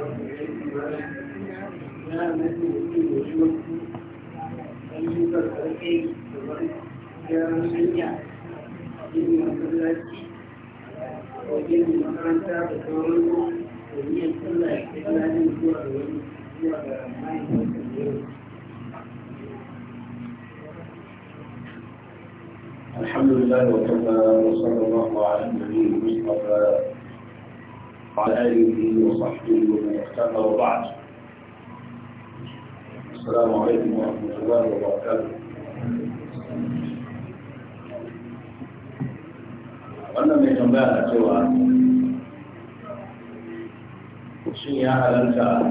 الحمد لله وكفى وصلى الله على النبي المصطفى وعلى آله وصحبه ومن اهتم وبعد السلام عليكم ورحمة الله وبركاته wannan mai tambaya na cewa shin ya halarta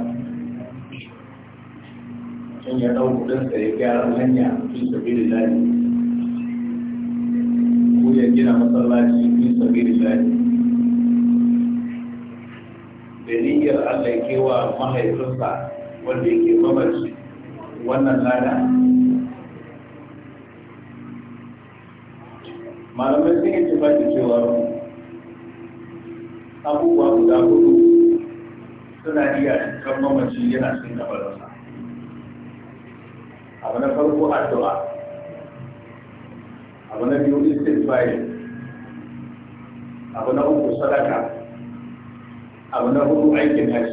shin ya ɗau kudinsa ya gyara hanya fi sabi da ko ya gina masallaci yake wa mahaifinsa wanda yake mamaci wannan lada malamai sun yi tufafi cewa abubuwa guda hudu suna iya kan mamaci yana da sa abu na farko addu'a abu na biyu istighfari abu na uku sadaka أو له أي جنس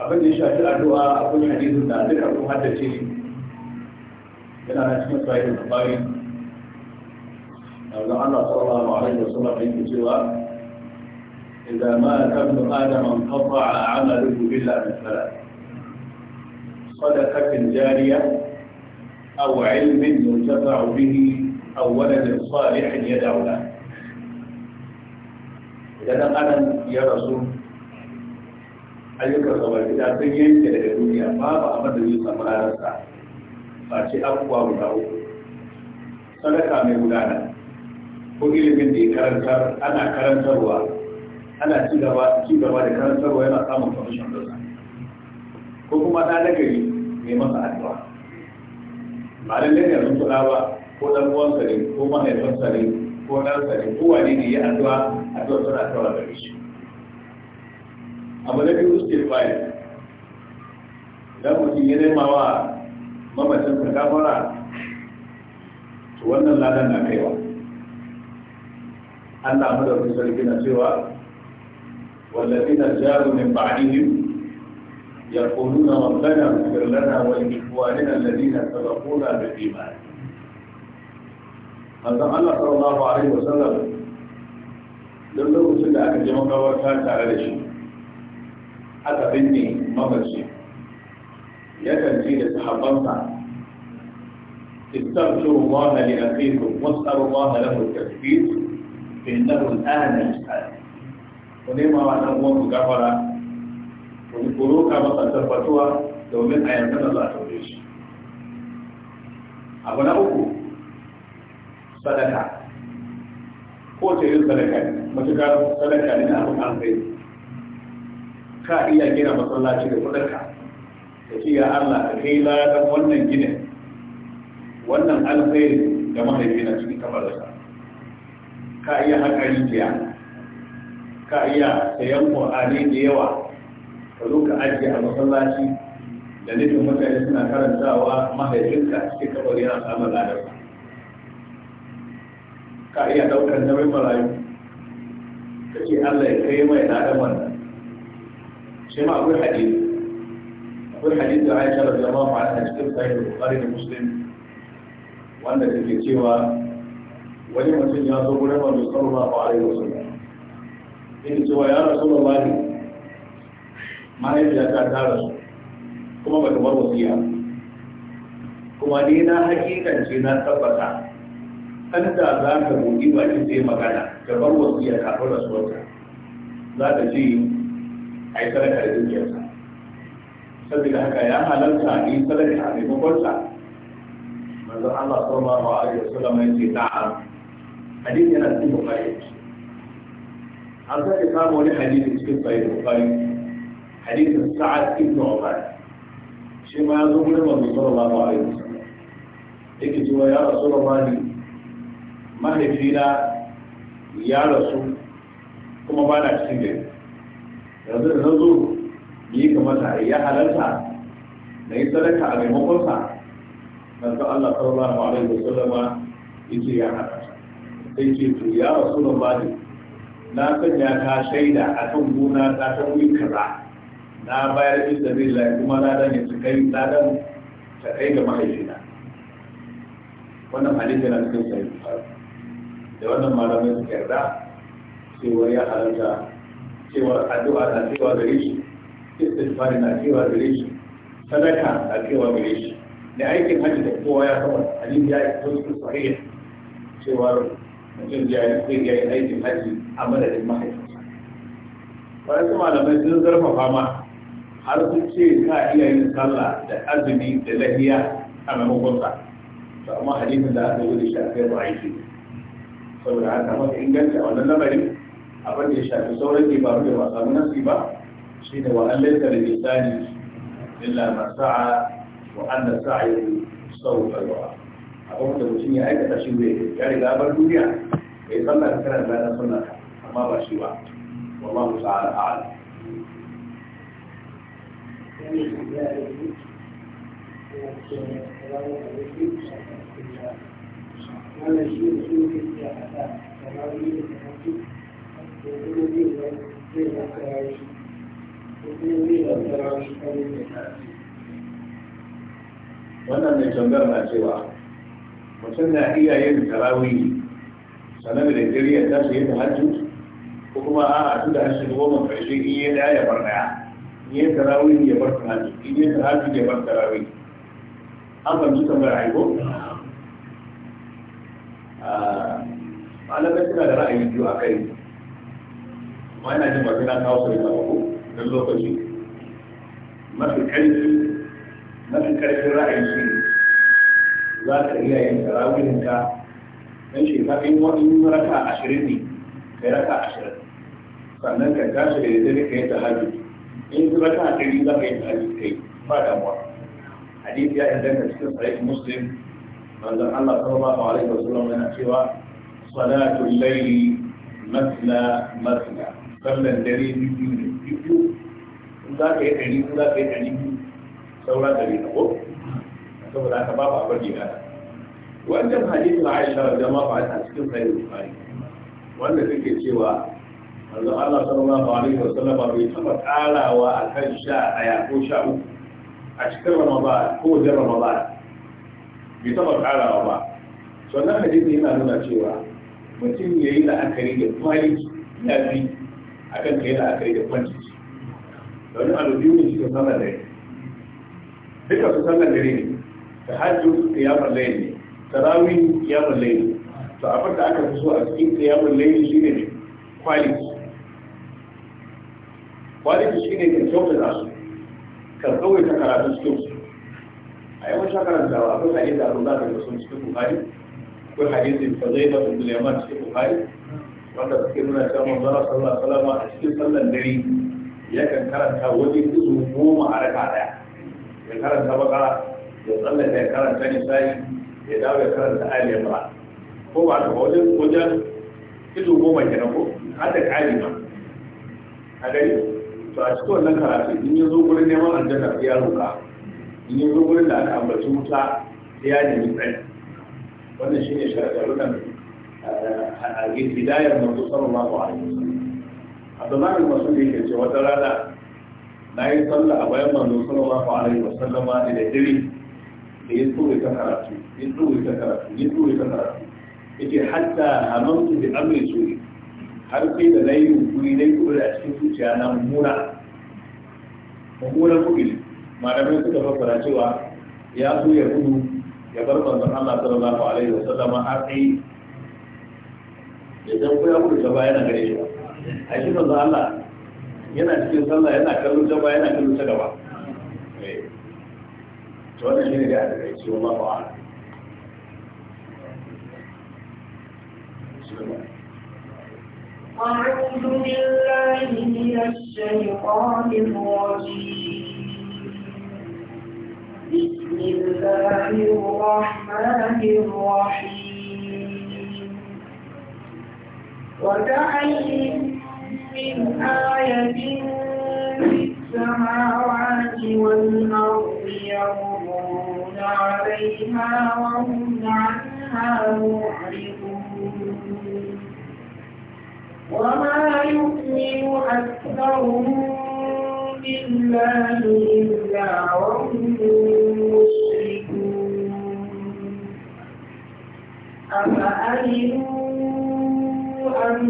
أبدا شاهد الأدواء أقول حديث النادر أبو هذا الشيء إلى أن أسمى صحيح البخاري أو لعن صلى الله عليه وسلم في سواء إذا مات ابن آدم انقطع عمله إلا مثلا صدقة جارية أو علم ينتفع به أو ولد صالح يدعو له idan dan ya rasu ayyukan sa baki da sun yanke daga duniya babu abin da zai samu ba ce abubuwa guda uku sadaka mai gudana ko ilimin da ya karantar ana karantarwa ana ci gaba ci gaba da karantarwa yana samun kwamishin sa ko kuma daga nagari mai masa addu'a ba lallai ne rubuta ba ko ɗan uwansa ne ko mahaifinsa ne ko ɗansa ne ko wani ne ya addu'a addu'a tana kawar da shi abu na biyu suke idan mutum ya nema wa mamacin ta gafara to wannan ladan na kaiwa Allah mu da sarki na cewa wallazina jaru min ba'dihim يقولون ربنا اغفر لنا ولإخواننا الذين سبقونا بالإيمان هذا الله صلى الله عليه وسلم don lokacin da aka je makabarta tare da shi aka binne mamaci yakan ce da sahabbansa استغفروا الله لأخيكم واسألوا الله له التكفير إنه الآن يسأل ونما وأنا أمور غفرة ونقولوك مثلا تربطوها domin a yanzu da za a taure shi abu na uku sadaka ko ta yin sadaka ne matuƙar sadaka ne na abin alkhairi ka iya gina masallaci da kuɗinka ka ce ya Allah ka kai ladan wannan ginin wannan alkhairi da mahaifina cikin kamararsa ka iya haƙa rijiya ka iya sayan ƙwa'ani da yawa ka zo ka ajiye a masallaci da nufin mutane suna karantawa mahaifinka cikin kamar yana samun ladarsa ka iya daukar nauyin marayu ta ce allah ya kai mai na dan wannan shi ma akwai hadisi akwai hadisi da aisha da zama ma'ana a cikin sahih bukhari da muslim wanda take cewa wani mutum ya zo gurin manzo sallallahu alaihi wasallam yake cewa ya rasulullahi mahaifiyata ta rasu kuma ba ta bar wasiya kuma ni na hakikance na tabbata sanda za ka buɗi baki sai magana gaban wasiya kafin rasuwarsa za ka ce a yi sadaka da dukiyarsa saboda haka ya halarta a yi sadaka a maimakonsa manzon Allah sallallahu alaihi wasallam ya ce na'am hadith yana cikin bukari an sake samu wani hadith cikin sahih bukari hadisin sa'ad ibn umar shi ma ya zo gurin manzon sallallahu alaihi wasallam yake cewa ya rasulullahi mahaifina ya rasu kuma ba na cikin gari yanzu da zo yi ta ya halarta na yi sadaka a maimakonsa manzo Allah sallallahu alaihi sallam yake ya haka sai ke to ya rasu da bani na sanya ka shaida akan gona ta ta wuyi kaza na bayar da billahi kuma na dane su kai ladan ta kai ga mahaifina wannan hadisi na cikin sahih da wannan malamai suka yarda cewa ya halarta cewa addu'a na cewa gare shi istighfari na cewa gare shi sadaka na cewa gare shi da aikin hajji da kowa ya saba hadisi ya yi sosai sahih cewa mutum ya yi ya yi aikin hajji a madadin mahaifinsa wasu malamai sun zarfafa ma har sun ce ka iya yin sallah da azumi da lahiya a maimakon sa amma hadisin da aka yi da shi a kai ba aiki saboda an samu inganci a wannan lamarin abin da ya shafi sauran dabaru da ba samu nasi ba shi ne wa an laita da lisani illa ma sa'a wa an da sa'ayi sau kalwa abin da mutum ya aikata shi zai ya riga bar duniya bai sallah ka kana da na sunna amma ba shi ba wallahu ta'ala a'lam Thank you. wannan mai tambayar na cewa mutum na iya yin tarawihi sanar da jiriya ta su yi ta hajji ko kuma a a tun da hajji da goma karshe in yi ya bar daya in yi tarawihi ya bar ta hajji in yi ta hajji ya bar tarawihi an fahimci tambayar aiko Ah, malamai suna da ra'ayi biyu a kai ma yana jin mafi na kawo sai zama ko don lokaci mafi karfi mafi karfin ra'ayi shi za ka iya yin tarawihin ka don shi ka yi wani raka ashirin ne kai raka ashirin sannan ka tashi da yadda ka yi tahajjud in zuba ta ɗari za ka yi tahajjud kai ba damuwa hadisi ya inganta cikin sahih muslim manzon Allah sallallahu alaihi wasallam yana cewa salatul layli masna masna sallan dare biyu ne biyu in za ka yi ɗari in za ka yi ɗari biyu saura ɗari na ko saboda haka babu abar gida wancan hadisin Aisha radiyallahu anha cikin sahih Bukhari wanda take cewa manzo Allah sallallahu alaihi wasallam bai taba karawa akan sha aya ko sha uku a cikin Ramadan ko wajen Ramadan bai taba ƙarawa ba sannan hadisi yana nuna cewa mutum ya yi la'akari da kwaliki ya fi a kan ka yi la'akari da kwantiki domin alubiyu ne shi da sallar dare duka su sallar dare ne ta hajji kiyamar layi ne tarawih kiyamar layi ne to abin da aka fi so a cikin kiyamar layi shi ne kwaliki kwaliki shi ne ka kyautata su ka ta karatu cikin a yawan shakarar da akwai hadisi a rumba da sun cikin buhari akwai hadisi da zai da kundul yaman cikin buhari wanda suke nuna cewa manzara sallallahu alaihi wasallam a cikin sallan dare kan karanta waje izu goma a raka daya ya karanta bakara ya tsallaka ya karanta nisa'i ya dawo ya karanta ali imran ko ba ta wajen wajen izu goma kenan ko har da kali ma a gari to a cikin wannan karatu in ya zo gurin neman aljanna ya roka in yi wurin da aka ambaci wuta ya nemi tsari wannan shi ne sharaɗarunan a hidayar manzo sallallahu alaihi wasallam abdullahi masu da yake ce wata rana na yi sallah a bayan manzo sallallahu alaihi wasallam da dare da ya tsore ta karatu ya tsore ta karatu ya tsore ta karatu yake hatta hamantu da amri suri har sai da layin guri yunkuri na yi kuri cikin zuciya na mummuna mummunan kuɗi malamai suka fassara cewa ya so ya gudu ya bar manzon Allah sallallahu alaihi wa sallam har sai ya dan koya ku gaba yana gare shi a shi manzon Allah yana cikin sallah yana kallon gaba yana kallon ta gaba eh. to wannan shine da aka ce wallahu a'lam أعوذ بالله من الشيطان الرجيم بسم الله الرحمن الرحيم وكأي من آية في السماوات والأرض يمرون عليها وهم عنها معرضون وما يؤمن أكثرهم بالله إلا وهم أفأمنوا أن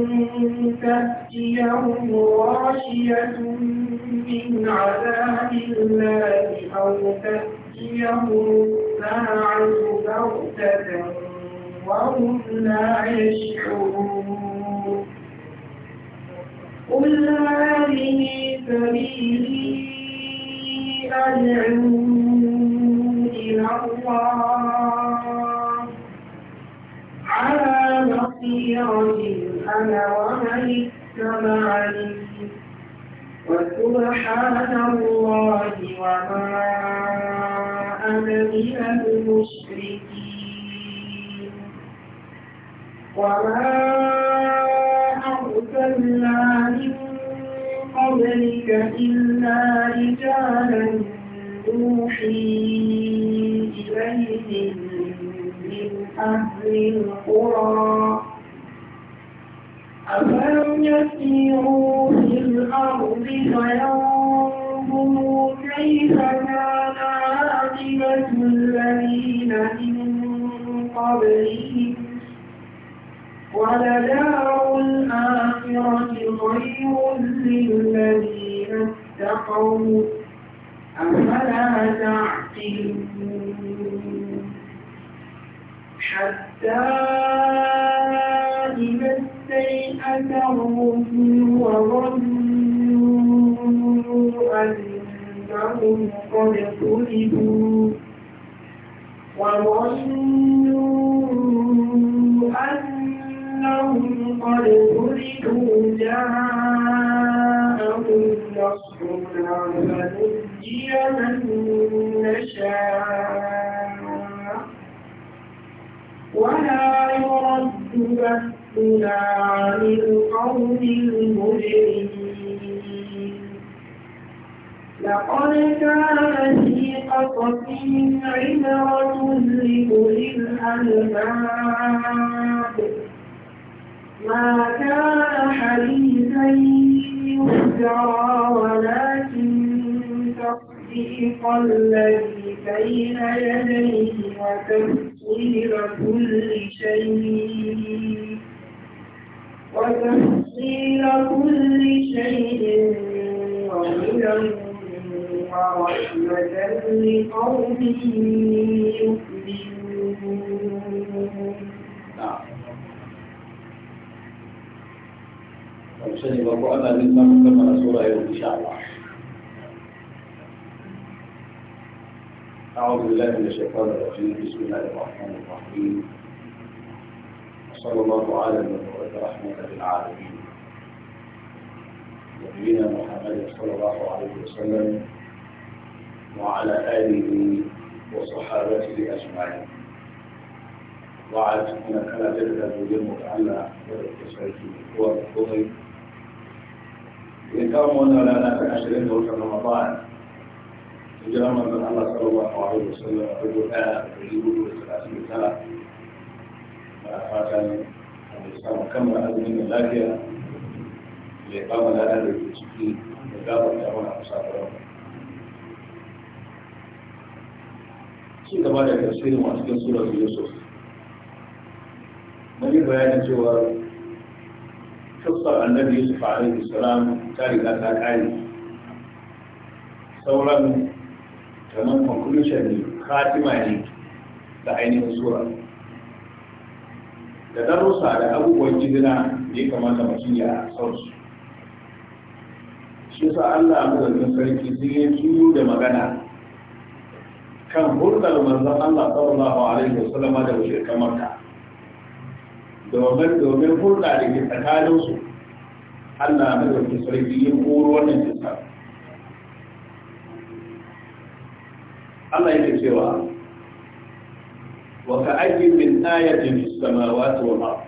تأتيهم غاشية من عذاب الله أو تأتيهم ساعة بغتة وهم لا يشعرون قل هذه سبيلي أدعو إلى الله على بصيرة أنا ومن اتبعني وسبحان الله وما أنا من المشركين وما أرسلنا من قبلك إلا رجالا نوحي إليهم أهل القرى أفلم يسيروا في الأرض فينظروا كيف كان عاقبة الذين من قبلهم ولدار الآخرة خير للذين اتقوا أفلا تعقلون حتى إذا استيأت الرسل وظنوا أنهم قد كذبوا وظنوا أنهم قد كذبوا جاءهم نصرنا فنجي من نشاء ولا يرد بأسنا عن القوم المجرمين لقد كان في قصصهم عبرة لأولي الألباب ما كان حديثا يفترى ولكن تصديق الذي بين يديه وتفسير قدر كل شيء وتفصيل كل شيء وهدى ورحمة لقوم يؤمنون sani ba ko ana jin samun kammala sura yau insha Allah أعوذ بالله من الشيطان الرجيم بسم الله الرحمن الرحيم وصلى الله على المبعوث رحمة للعالمين نبينا محمد صلى الله عليه وسلم وعلى آله وصحابته أجمعين وعلى أن كان ذلك الوجود المتعلق بالتسعيد هو القضي إن كان لنا في عشرين رمضان hijiran manzon Allah sallallahu alaihi wasallam a dubu ɗaya da dubu da talatin da tara ne, a mai samu kammala azumin da lafiya da ya kama lada da ke ciki da gabata mana a musafarar ci gaba da tafsirin masu cikin surar yusuf mun yi bayanin cewa tuffar annabi yusuf alaihi salam ta riga ta kare sauran kamar conclusion ne khatima ne da ainihin sura da darussa da abubuwan jigina ne ya kamata mutum ya san su shi sa Allah madaukakin sarki sun yi tuyo da magana kan hurdar manzon Allah sallallahu alaihi wasallam da kamar ta domin domin hulɗa da ke tsakaninsu Allah madaukakin sarki ya koro wannan jinsa Allah yake cewa wa ka'ayyin min ayatin fis samawati wal ardh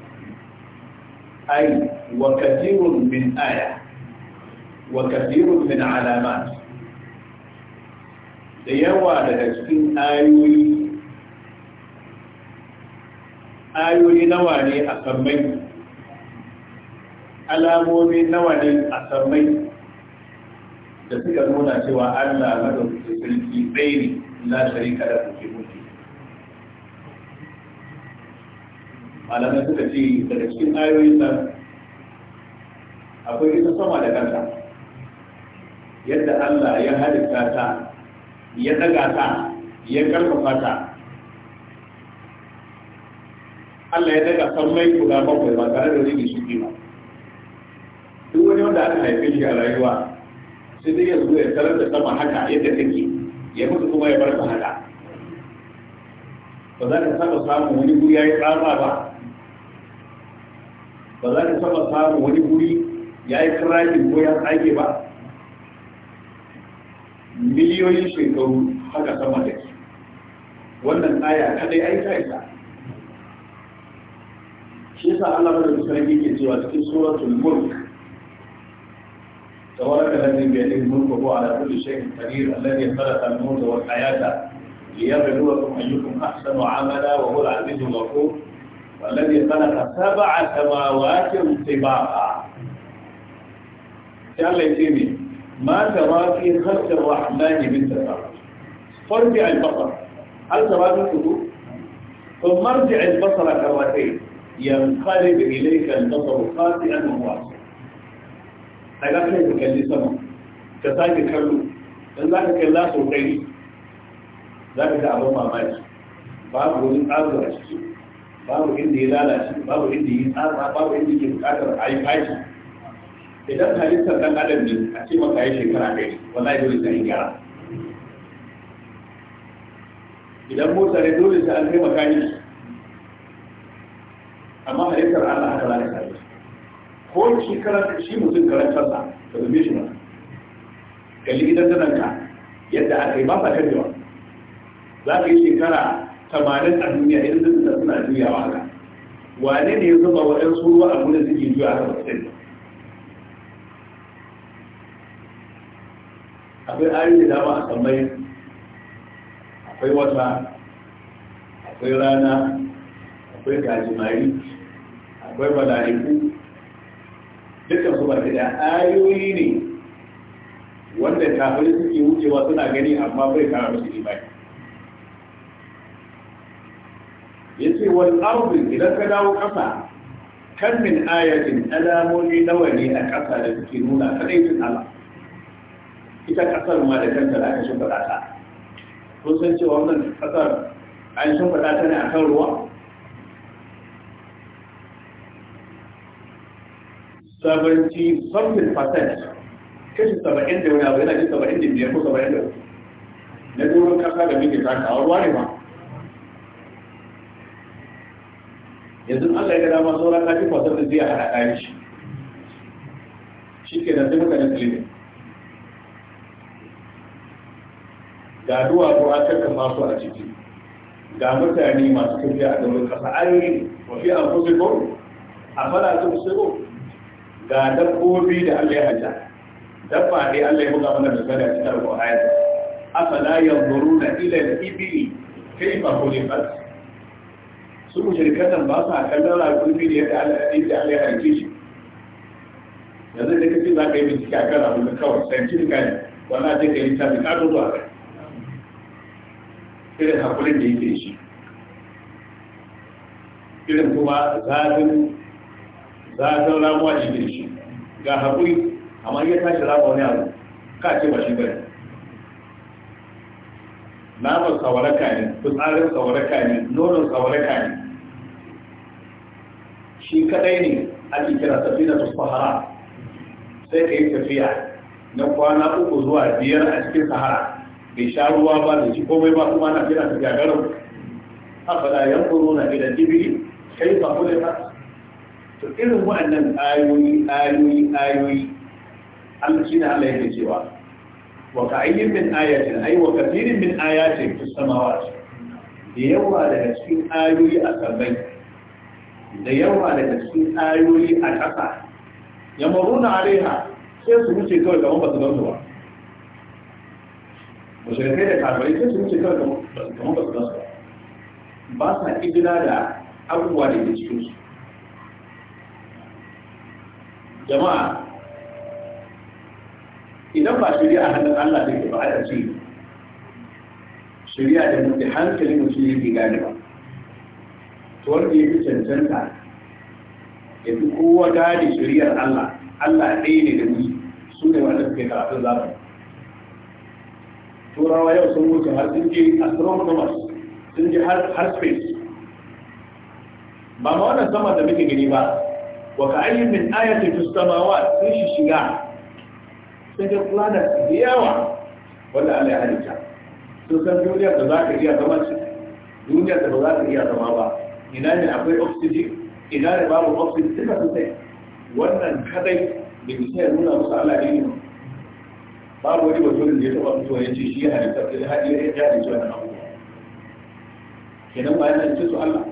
ay wa kathirun min aya wa kathirun min alamat da yawa daga cikin ayoyi ayoyi nawa ne a sammai alamomi nawa ne a sammai da suka nuna cewa Allah madaukakin sarki tsaye ne la sharika lahu fi mulki malamai suka ce daga cikin ayoyin nan akwai ita sama da kanta yadda Allah ya halitta ta ya daga ta ya karfafa ta Allah ya daga sammai guda bakwai ba tare da rigi su ba duk wani wanda aka haife shi a rayuwa sai dai ya zo ya tarar da sama haka yadda take ya mutu kuma ya bar mu ba za ka saba samun wani guri ya yi tsara ba ba za ka saba samun wani guri ya yi kirajin ko ya tsage ba miliyoyin shekaru haka sama da ke wannan tsaya kadai ai ta isa shi yasa Allah bada sarki ke cewa cikin suratul mulk تبارك الذي بيده الملك وهو على كل شيء قدير الذي خلق الموت والحياة ليبلوكم أيكم أحسن عملا وهو العزيز الغفور والذي خلق سبع سماوات طباقا قال لي ما ترى في خلق الرحمن من تفاوت فارجع البصر هل ترى في خطوط ثم ارجع البصر كرتين ينقلب إليك البصر خاطئا ومواصلا a za ka yi kalli sama ka sake kallo dan za ka kai za sau ɗari za ka ga abin mamaki babu wani tsaro a ciki babu inda ya lalace babu inda ya yi tsara babu inda ke bukatar a yi fashi idan halittar ɗan adam ne a ce maka yi shekara ɗari wallahi dole yi gyara idan motsa ne dole sai an kai makani amma halittar Allah haka lalata ko shi karanta shi mutum karantarsa ka zube shi ba kalli idan tanan ka yadda aka yi ba sa karewa za ka yi shekara tamanin a duniya idan zan suna juyawa haka wane ne ya zama zuba waɗansu ruwa a gudun suke juya haka ba sai akwai ayoyi da dama a sammai akwai wata akwai rana akwai gajimari akwai mala'iku dukkan su baki da ayoyi ne wanda kafirai suke wucewa suna gani amma bai kara musu imani yace wal ardi idan ka dawo kasa kan min ayatin alamomi nawa ne a kasa da suke nuna kadai sun ala ita ƙasar ma da kanta da aka shimfiɗa ta kun san cewa wannan kasar an shimfiɗa ta ne akan ruwa 70 something percent kashi 70 da wani abu yana jin 75 ko 70 na doron kasa da muke taka a ruwa ne ma yanzu Allah ya ga dama sauran kafi fasar da zai hada kayan shi shi ke nan sai mutanen filibin ga duwatsu a kakka masu a ciki ga mutane masu tafiya a gaban kasa ayoyi wafi a kusurkon a fara su. ga dabbobi da Allah ya hajja dabba dai Allah ya buga mana da sada cikin alƙur'ani afala yanzuruna ila al-ibli kayfa khuliqat su mushrikan ba sa kallon raƙumi da yadda Allah ya Allah ya hajje shi yanzu da kace za ka yi bincike akan da kawai sai kin gani wannan ake ka yi tabi kado duba irin hakurin da yake shi irin kuma zafin za a san ramuwa ne shi ga haƙuri amma iya tashi rama wani abu ka ce ba shi bane naman tsawaraka ne tsarin tsawaraka ne nonon tsawaraka ne shi kadai ne ake kira safina ta sahara sai ka yi tafiya na kwana uku zuwa biyar a cikin sahara bai sha ruwa ba da shi komai ba kuma na kira tafiya garin haka da yankuru na gidan dibiri kai ba kudin to irin waɗannan ayoyi ayoyi ayoyi an shi ne Allah yake cewa wa ka ayyin min ayatin ay wa kathirin min ayatin fis samawati da yawa daga cikin ayoyi a sabai da yawa daga cikin ayoyi a ƙasa ya maruna alaiha sai su wuce kawai kamar ba su gamsu ba mushrikai da kafirai sai su wuce kawai kamar ba su gamsu ba ba sa idina da abubuwa da ke cikin su jama'a idan ba shirya a hannun Allah ne ba a ce shirya da mutu hankali mu ya ke gane ba to wanda ya fi cancanta ya fi kowa gane shiryar Allah Allah ɗaya ne da ni su ne wanda suke karatun zamani turawa yau sun wuce har sun je astronomers sun je har space ba ma wannan sama da muke gani ba wa ka ayyin min ayati fis samawat sai shi shiga sai ga planet da yawa wanda Allah ya halitta Sun san duniya da za ka iya zama ci Duniya da ba za ka iya zama ba ina ne akwai oxygen ina ne babu oxygen duka su sai wannan kadai da bisa ya nuna musu Allah ne babu wani mutum da ya taba mutuwa ya ce shi ya halitta ya halitta ya halitta wannan abubuwa kenan bayan nan ce su Allah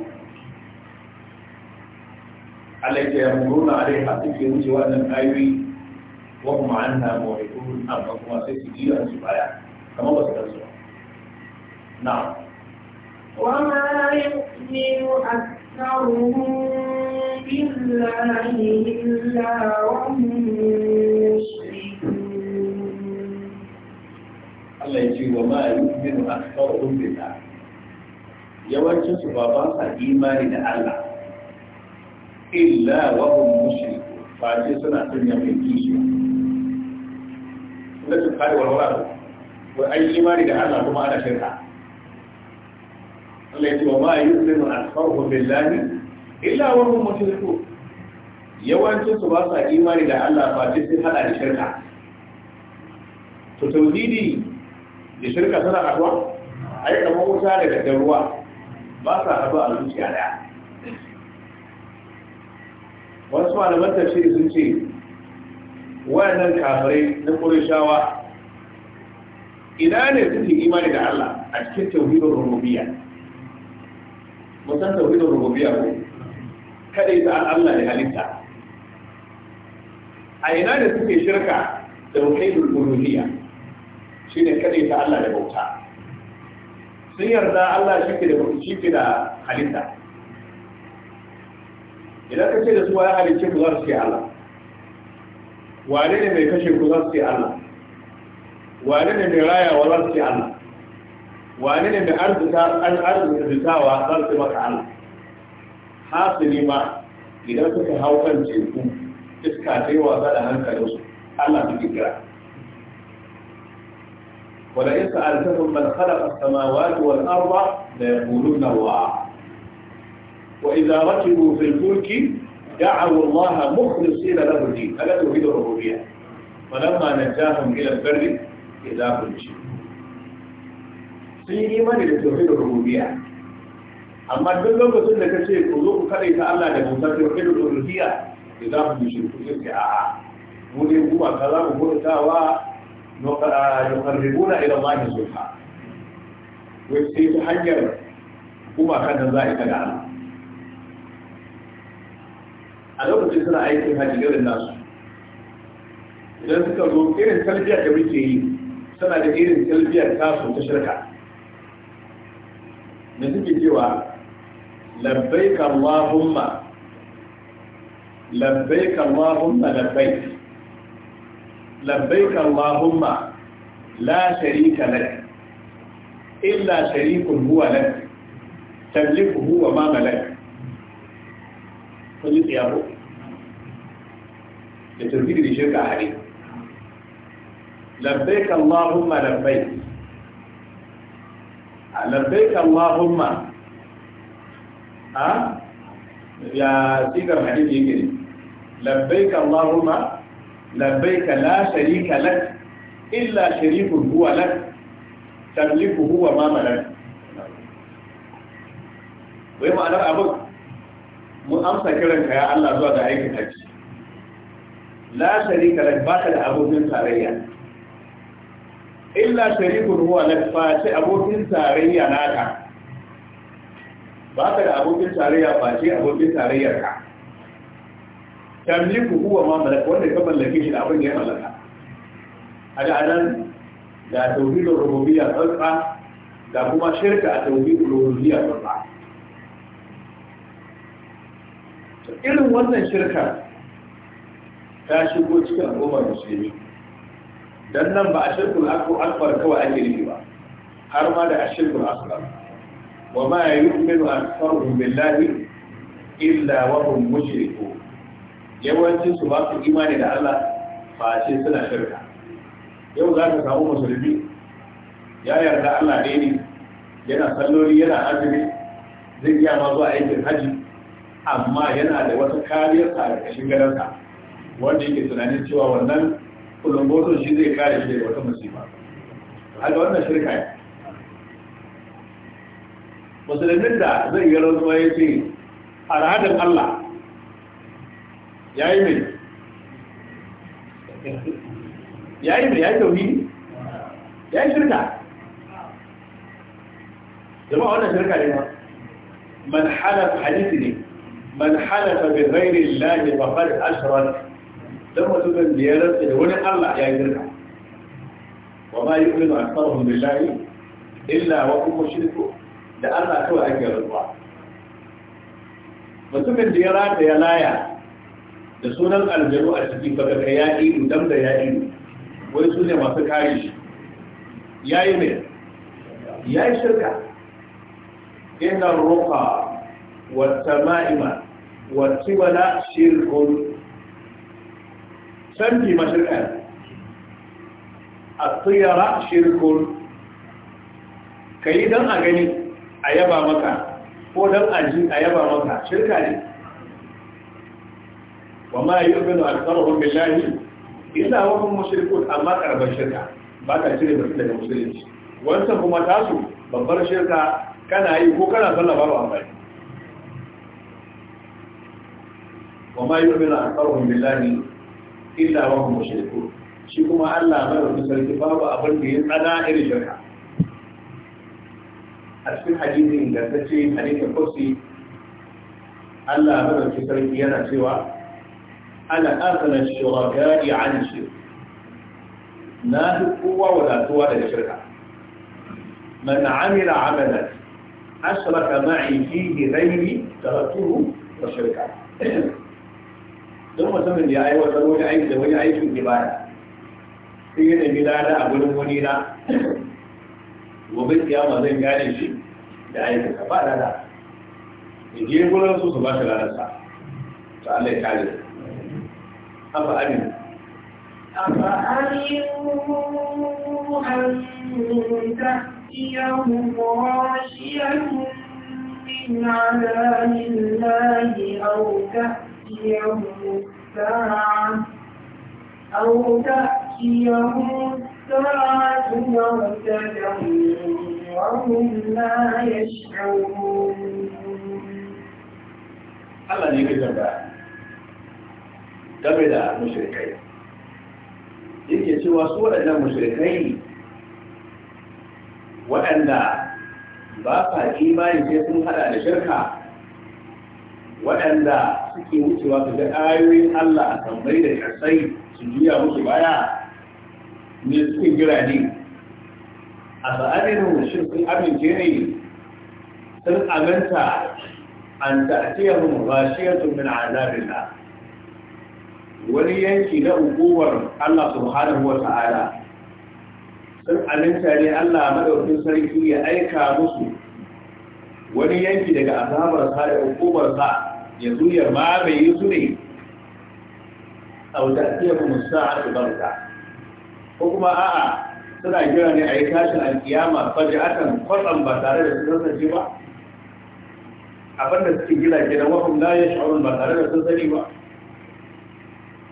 alaika ya muruna a suke wuce wannan ayoyi wa kuma an na an ba kuma sai su jiya su baya kama ba su kansu ba na وما يؤمن أكثرهم Allah ya ce wa الله يجي وما يؤمن أكثرهم yawancinsu ba ba sa imani da Allah illa wa hum mushrikun fa ji suna tunya mai kishi da su wa wala wai ai imani da Allah kuma ana shirka Allah ya ce wa ma yuslimu asfahu billahi illa wa hum mushrikun yawanci su ba sa imani da Allah ba ji sun hada da shirka to tauhidi da shirka suna haɗuwa ai kamar wuta da daddan ruwa ba sa haɗuwa a zuciya daya wasu malaman tafsiri sun ce wayannan kafirai na ƙurishawa ina ne suke imani da Allah a cikin tauhidin rububiyya musan tauhidin rububiyya ko kada ta Allah da halitta a ina ne suke shirka da tauhidul uluhiyya shine kada ta Allah da bauta sun yarda Allah shi ke da shi ke da halitta idan ka ce da suwa ya halicce ku za su ce Allah wane ne mai kashe ku za su ce Allah wane ne mai raya za su ce Allah wane ne mai arzikawa za su ce maka Allah hasili ma idan suka hau kan teku iska ta yi wasa da hankalinsu Allah suke kira ولئن سألتهم من خلق السماوات والأرض ليقولون الله وإذا ركبوا في الفلك دعوا الله مخلصين له الدين ألا توحيد الربوبية فلما نجاهم إلى البر إذا كل شيء في إيمان لتوحيد الربوبية أما كل لغة سنة كشيء قلوب كريت الله لبنسى توحيد الربوبية إذا هم يشركون في آآ آه، آه. مولي هو كلام مولتا و يقربون إلى الله سبحانه ويسيت حجر هو كان ذلك على a lokacin suna aikin hajji garin nasu idan suka zo irin talbiyar da muke yi suna da irin talbiyar tasu ta shirka da suke cewa labbaik Allahumma labbaik Allahumma labbaik labbaik Allahumma la sharika lak illa sharikun huwa lak tamlikuhu wa ma malak kun yi tsiyabo لتوحيد الشرك عليه لبيك اللهم لبيك لبيك اللهم ها يا سيدر حديث يجري لبيك اللهم لبيك لا شريك لك إلا شريك هو لك تملك هو ما ملك wai أنا أبوك mun amsa kiranka ya Allah zuwa da aikin la sharika lak ba ka da abokin tarayya illa sharikun huwa lak fa shi abokin tarayya naka ba ka da abokin tarayya ba shi abokin tarayyar ka tamliku huwa ma malaka wanda ka mallake shi da abin da ya mallaka hada anan da tauhidul rububiyya tsatsa da kuma shirka a tauhidul rububiyya tsatsa irin wannan shirka ta shigo cikin al'ummar musulmi dan nan ba a shirkul akbar kawai ake nufi ba har ma da a akbar wa ma yu'minu aktharuhum billahi illa wa hum mushriku yawanci su ba su imani da Allah ba ce suna shirka yau za ka samu musulmi ya yarda Allah ɗaya ne yana salloli yana azumi zai iya ma zuwa aikin haji amma yana da wata kariyar sa a ƙarshen garansa wanda yake tunanin cewa wannan kulumboton shi zai kare shi wata musiba haka wannan shirka ne musulmin da zai yi rantsuwa ya ce a rahadin Allah ya yi mai ya yi mai ya yi tauhi ya yi shirka zama wannan shirka ne ba man halafa hadisi ne man halafa bi rairin lalifafar ashirar don mutumin da ya rantsa da wani Allah ya yi girka wa ma yi ƙulun asfarhun billahi illa wa kuma shirku da Allah kawai ake rantsuwa mutumin da ya rata ya laya da sunan aljanu a cikin baka kai ya ilu dam da ya ilu wai su ne masu kare shi ya yi mai ya yi shirka inna roƙa wa ma'ima wa tibala shirkun canji ma shirka ne a tsira shirkun ka yi don a gani a yaba maka ko don a ji a yaba maka shirka ne wa ma yi ubinu a tsarahun billahi ina wakon mashirkun amma karbar shirka ba ta cire mutum daga musulunci wancan kuma tasu babbar shirka kana yi ko kana sallah babu amfani wa ma yi ubinu a tsarahun billahi illa wa hum mushrikun shi kuma Allah madaukakin sarki babu abin da ya tsada irin shirka a cikin hadisin da ta ce hadisin kursi Allah madaukakin sarki yana cewa ana asala shuraka'i an shirk na fi kowa wadatuwa daga shirka man amila amalan ashraka ma'i fihi ghairi taratuhu wa shirka don mutumin da ya aiwatar wani aiki da wani aikin ibada sai ya nemi lada a gurin wani na gobe kiyama zai gane shi da aikinsa ba lada in je gurin su su ba shi ladarsa ta Allah ya kare haka amin أفأمنوا أن تأتيهم غاشية من عذاب الله أو تأتي تأتيهم الساعة أو تأتيهم الساعة مرتدا Allah ne ke zamba game da mushrikai yake cewa su waɗannan mushrikai waɗanda ba sa imani sai sun haɗa da shirka waɗanda suke wucewa su ga ayoyin Allah a tambayi da kasai su juya musu baya ne suke gira ne a sa'adinu shi sun amince ne sun aminta an ta'atiyahum ghashiyatun min azabillah wani yanki na ukuwar Allah subhanahu wa ta'ala sun aminta ne Allah madaukin sarki ya aika musu wani yanki daga azabarsa da sa. يزول يرمى بيزولي أو تأتيكم الساعة بردة حكم آآ سنة جواني عيكاشا القيامة فجأة قرأ البطارة سنة جواء أبدا سكجلا جنوهم لا يشعرون البطارة سنة جواء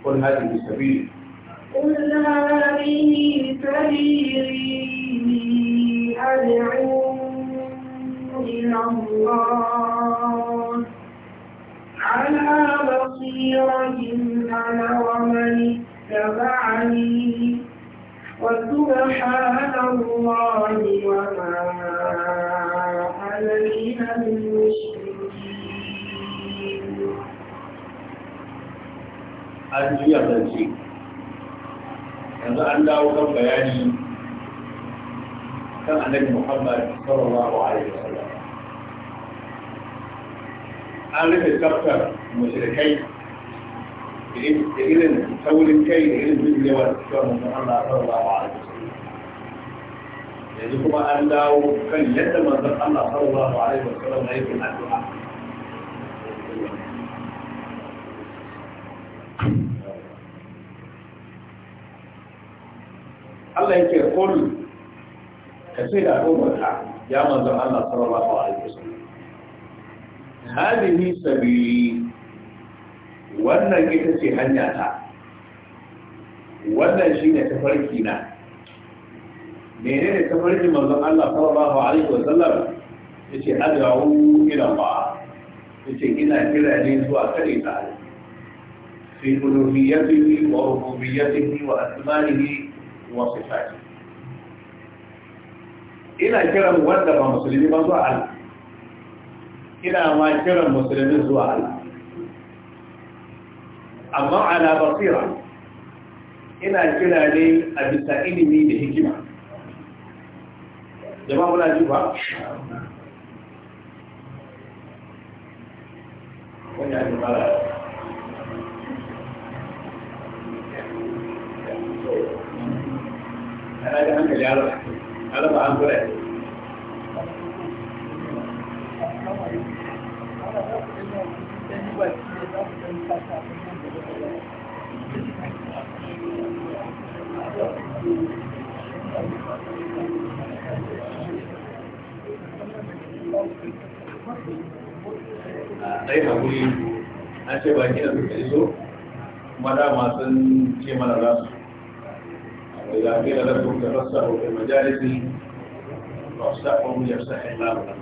قل هذه بسبيل قل هذه سبيلي أدعو إلى الله على بصيرة أنا ومن اتبعني وسبحان الله وما علينا المشركين an jiya zance yanzu an dawo kan bayani kan annabi muhammad sallallahu alaihi wasallam عارف الدكتور مشركي إذن تقول الكي إذن بدل وشوه من الله صلى الله عليه وسلم يعني كما أن داو كان يد من ذلك الله صلى الله عليه وسلم غير من الدعاء الله يقول كثير أقول يا من ذلك الله صلى الله عليه وسلم hadihi sabili wannan ita ce hanya ta wannan shi ne tafarki na menene tafarki manzon Allah sallallahu alaihi wa sallam yace adawu ila Ya yace ina kira ne zuwa kare ta fi uluhiyyatihi wa rububiyyatihi wa asma'ihi wa sifatihi ina kiran wanda ba musulmi ba zuwa Allah ina ma kiran musulmi zuwa Allah amma ala basira ina kira ne a bisa ilimi da hikima jama'a muna ji ba wani abin mara ana ga hankali alaba an kura ne sai haƙuri an ce baki da suka iso mada masu ce mana za su a bai zafi da rasu da rasa a jarisi ba su sa ƙwamu ya sa ilamu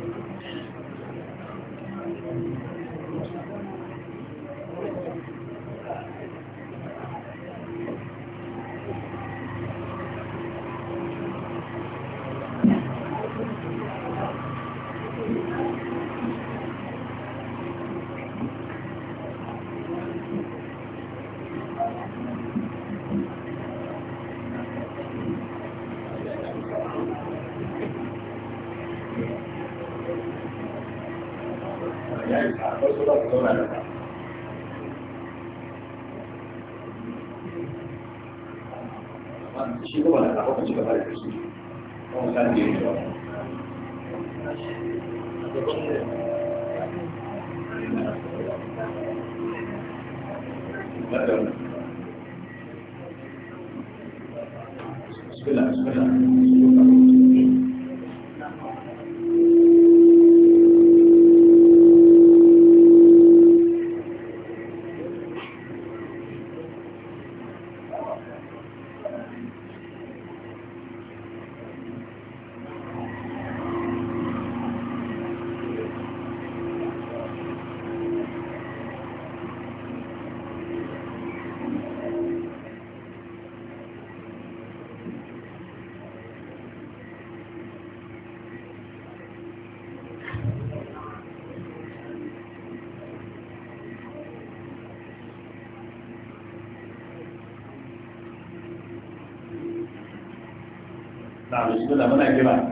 那你说能不能对吧？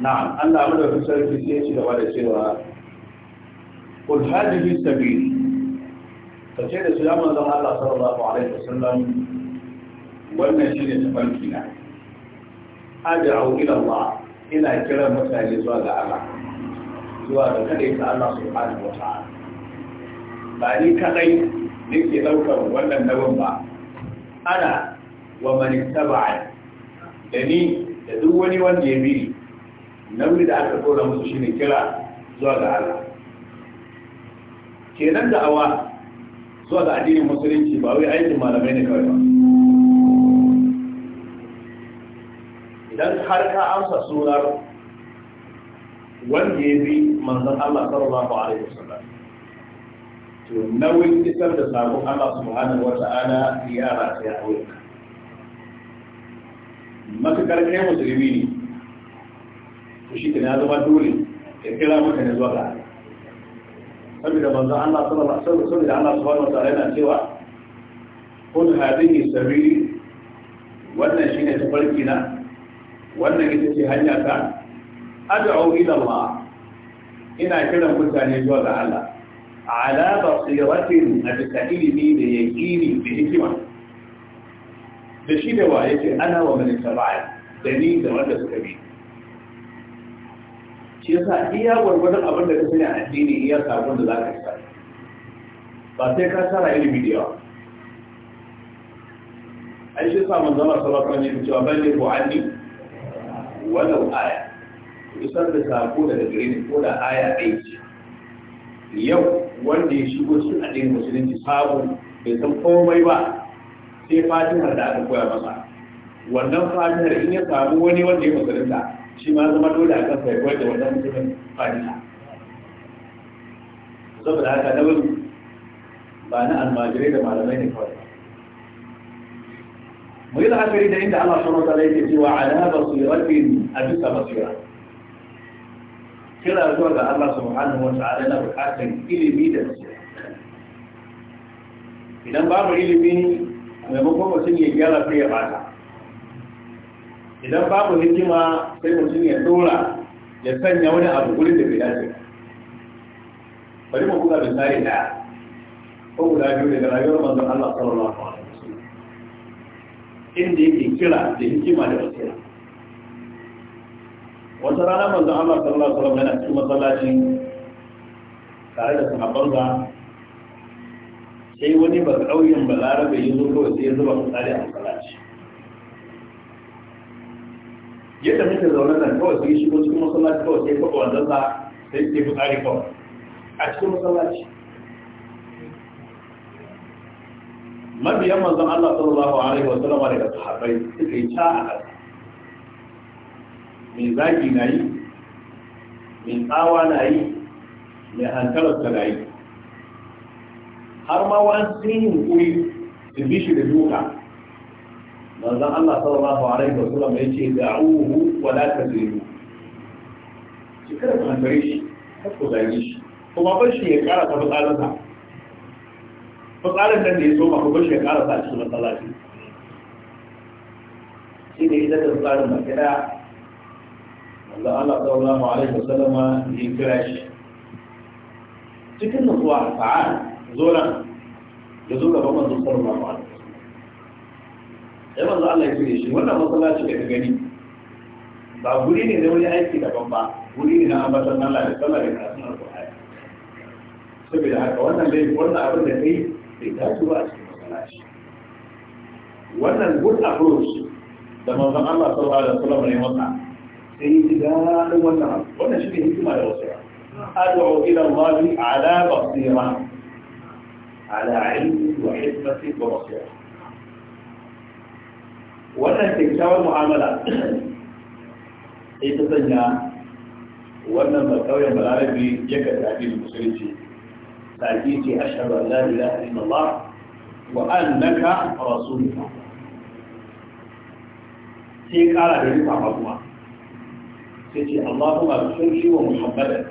na'am Allah mu da sarki sai ya ci gaba da cewa kul hadhihi sabil ka ce da sulaman zan Allah sallallahu alaihi wasallam wannan shine tafarki na ad'u ila Allah ina kira mutane zuwa ga Allah zuwa ga kadai ka Allah subhanahu wa ta'ala ba ni kadai nake daukar wannan nawin ba ana wa man taba'a da ni da duk wani wanda ya bi nauyi da aka kora musu shine kira zuwa ga Allah kenan da awa zuwa ga addinin musulunci ba wai aikin malamai ne kawai ba idan har ka amsa sunar wanda ya bi manzon Allah sallallahu alaihi wasallam to nauyin isar da sabon Allah subhanahu wa ta'ala ya rataya a wurinka matukar kai musulmi ne يشكل هذا ما الكلام ممكن يزول عليه فبدا منذ أن الله صلى الله عليه وسلم أن الله سبحانه وتعالى سوى قل هذه السبيل وأن شينة قلتنا وأن جدت هنيتا أدعو إلى الله إن أن يزول على على بصيرة أنا ومن التبعي دليل shi yasa iya gwargwadon abin da ka ne a addini iya sabon da za ka isa ba sai ka tara ilimi da yawa ai shi sa mun zama sallallahu alaihi wasallam cewa bani ko anni walau aya isar da sako daga gare ne ko da aya ɗaya ce yau wanda ya shigo cikin ɗin musulunci sabo bai san komai ba sai fatihar da aka koya masa wannan fatihar in ya samu wani wanda ya musulunta shi ma zama dole a kan faifai da wannan mutumin fadila saboda haka na wani ba na almajirai da malamai ne kawai mu yi la'akari da inda Allah subhanahu wa ta'ala yake cewa ala basiratin a bisa basira kira zuwa ga Allah subhanahu wa ta'ala na bukatar ilimi da su. idan babu ilimi maimakon mutum ya gyara sai ya bata idan babu hikima sai mutum ya dora ya sanya wani abu wurin da bai dace bari mu buga misali da ko guda biyu daga rayuwar manzon Allah sallallahu alaihi wasallam inda yake kira da hikima da basira wata rana manzon Allah sallallahu alaihi wasallam yana cikin masallaci tare da sahabbansa sai wani ba kauyen bai yi zo kawai sai ya zuba misali a masallaci yadda muke zaune nan kawai sun shigo cikin masallaci kawai sai kwaɓa za a yi ke fitsari kawai a cikin masallaci mabiyan manzon Allah sallallahu alaihi wa sallama daga sahabai suka yi ta a ƙasa mai zagi na yi mai tsawa na yi mai ta na yi har ma wa'an sun yi hukuri su bishi da duka manzon Allah sallallahu alaihi wa sallam ya ce da'uhu wa la tazilu shi kada ku hankare shi ku zage shi kuma bar shi ya kara ta fitsarinsa fitsarin da ya soma kuma shi ya kara ta cikin masallaci shi ne idan da fitsarin ba kira manzon Allah sallallahu alaihi wa sallam ya kira shi cikin nutsuwa sa'a zo nan da zo gaban manzon sallallahu alaihi wa sallam sai manzo Allah ya shirye shi wannan masallaci da gani ba guri ne da wani aiki daban ba guri ne na ambatan Allah da sallar da karatun alƙur'ani saboda haka wannan dai wannan abin da kai bai tashi ba a cikin masallaci wannan good approach da manzon Allah sallallahu alaihi wasallam ne wannan sai ji daɗin wannan wannan shi ne hikima da wasu أدعو إلى الله على بصيرة على علم وحكمة وبصيرة wannan kyakkyawar mu'amala ita sanya wannan ba kauyen balarabi ya ka tafi musulunci tafi ce a shabar an la ilaha illallah wa an naka a annaka rasulullah sai kara da rufa ma kuma sai ce allahumma shirshi wa muhammadan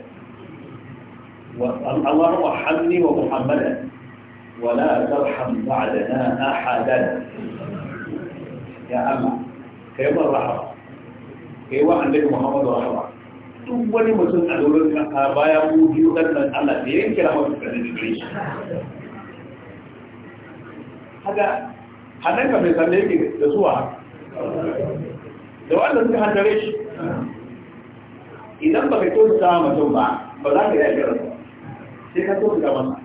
اللهم ارحمني ومحمدا ولا ترحم بعدنا احدا ya Allah ka yi mara ba ka yi wa annabi Muhammad rahama duk wani mutum a ka kasa baya mu biyu kan nan Allah da yanke rahama da kan gare shi haka hannun ka bai sanne yake da zuwa da wanda suka hantare shi idan ba ka kyautu sama mutum ba ba za ka yi ajiyar ba sai ka kyautu ta masa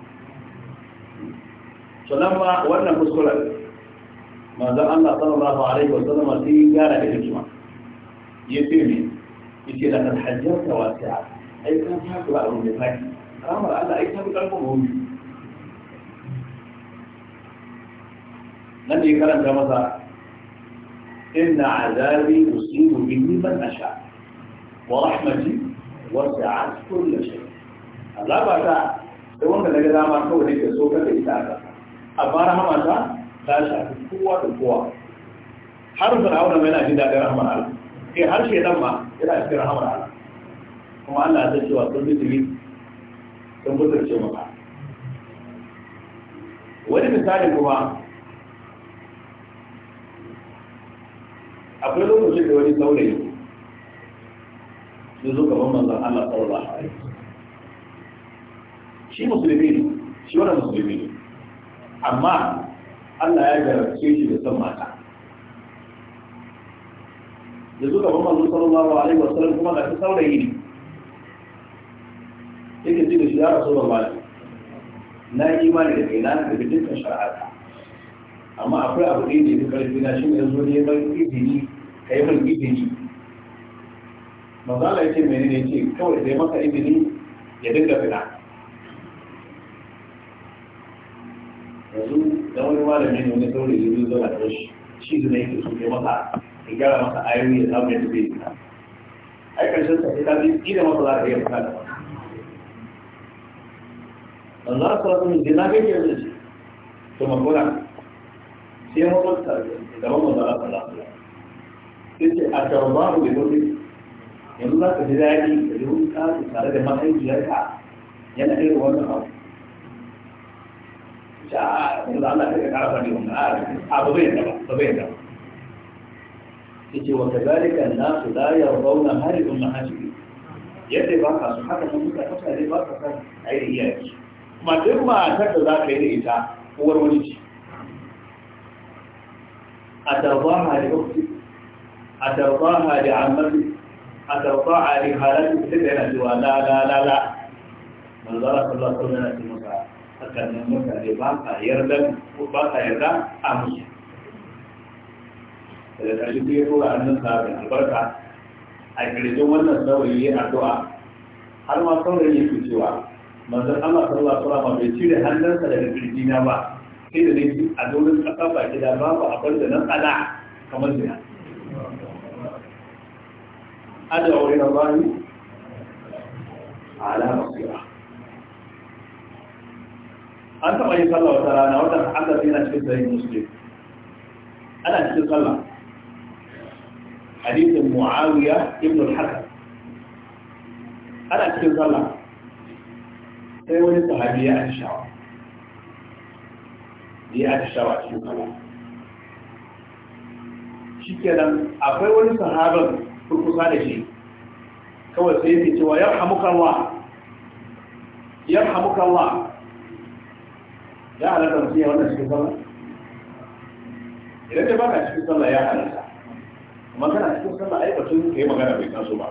sannan ma wannan muskular manzon Allah sallallahu alaihi wa sallam sai gara da hikima ya ce ne yace da kan hajjar ta wasi'a ai kan ta kula da mai faki ramar Allah ai ta bi karfin mu nan ne karanta masa inna azabi usibu bihi man asha wa rahmati wasi'at kulli shay Allah ba ta da wanda daga dama kawai ne ke so kada ita a bara hamata ta shafi kowa da kowa har fir'auna mai yana jin daɗin rahmar Allah sai eh, har shi shedan ma yana cikin rahmar Allah kuma Allah ya cewa sun bijiri sun butulce maka wani misali kuma akwai lokacin da wani saurayi ya zo gaban manzon Allah sallallahu alaihi shi musulmi ne shi wani musulmi ne amma Allah ya jarabce shi da san mata da zuka ba manzo sallallahu alaihi sallam kuma da ta saurayi ne yake ji da shi ya rasu ba na yi imani da kai na da dukkan shari'a amma akwai abu ɗaya da ya karfi na shi ne zo mai izini kai mai izini manzo Allah ya ce menene ce kawai sai maka izini ya dinga fita yanzu da wani malami mai wani saurayi ya zuwa da kashi shi da yake so ya masa ya gyara masa ayoyi da samun yadda zai yi ai karshen sa ta bi ida masa za ka iya fata da dan za su rasu da na ga yadda shi to magana sai ya mutunta da wanda za da Allah da sai ce a tarbahu bi mutunta yanzu za ka ji daɗi da yi wuta tare da mahaifiyarka yana irin wannan abu وكذلك الناس لا يرضون هل المحاسب يدي باقا سحاكا مموكا تبقى دي باقا كان عير إياج ما دير ما أتاك ذاك إلي إتا هو الوليج أترضاها لأختي أترضاها لعمتي أترضاها لخالتي لا لا لا لا من ذرك الله صلى الله عليه وسلم tsakanin mutane ba sa yarda ko ba sa yarda a musu daga ƙarshe sai ya tura annan sabon albarka a ƙirjin wannan saurayi ya addu'a har ma saurayi yake cewa manzon Allah sarwa alaihi ma bai cire hannunsa daga ƙirjina ba sai da nake a dorin ƙasa ba ba babu a da nan tsada kamar zina addu'a wurin Allah ala basira an taɓa yin sallah wata rana wata hadar yana cikin sahihin muslim ana cikin sallah hadisin muawiya ibn al-hasan ana cikin sallah sai wani sahabi ya atishawa ya atishawa cikin sallah shi kenan akwai wani sahabar kurkusa da shi kawai sai ya hamuka wa ya hamuka Allah ya halatta mutum ya wannan cikin sallah idan dai baka cikin sallah ya halatta amma kana cikin sallah ai batun ka yi magana bai taso ba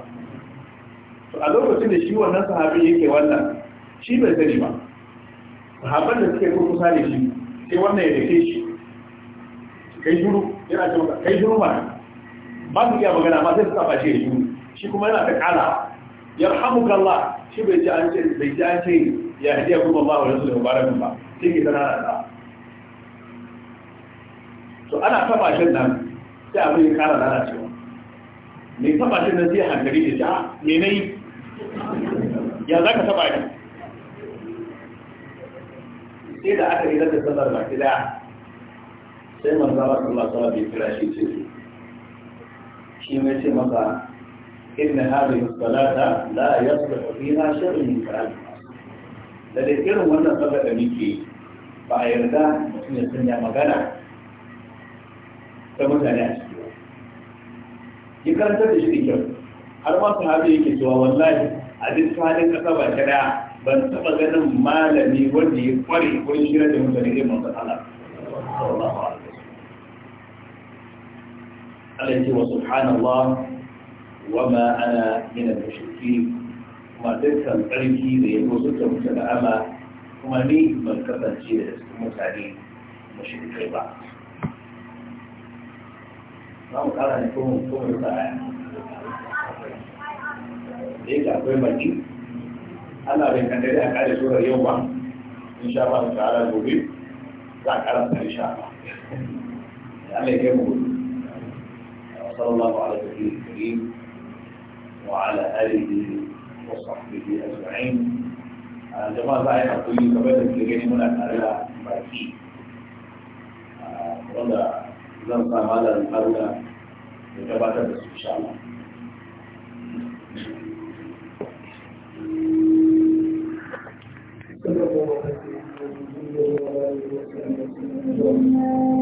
to a lokacin da shi wannan sahabi yake wannan shi bai sani ba sahabban da suke kurkusa da shi sai wannan ya dake shi kai shuru yana ce maka kai shuru mana ba su iya magana ma sai su kafa shi ya shuru shi kuma yana ta kala Allah shi bai ji an ce bai ji an ce ya hadiya kuma Allah wa rasuluhu barakun ba sai ya zara to ana taba nan sai abin ya kara lalacewa mai taba nan sai hankali da ja ah, na yi ya za ka taba sai da aka yi da sallar baki daya sai manzara sallallahu alaihi ya kira shi ce shi mai ce maka إن هذه الصلاة لا يصلح فيها شر من كلام الناس لذلك إنه وانا صلى ba a yarda mutum ya sanya magana ta mutane a ciki ba yi karantar da shi da kyau har ma sahabi yake cewa wallahi a duk halin kasa ba shari'a ban taɓa ganin malami wanda ya kware wurin shirar da mutane irin manzon Allah sallallahu alaihi wasallam Allah ya ce wa subhanallah wa ma ana min al-mushrikin kuma dukkan tsarki da ya zo suka mutu da ama kuma ni ban kasance da su mutane mashirikai ba za mu kara ne kuma kuma da aya da yake akwai baki ana bai kan dare a kare surar yau ba in sha ba ta ala gobe za a kara ta sha ba Allah ya kai mu gobe صلى الله على نبينا الكريم وعلى اله وصحبه اجمعين jama'a za a yi hakuri kamar da ke gani muna tare da baki wanda zan sa malar haruna da gabatar da su sha Thank you.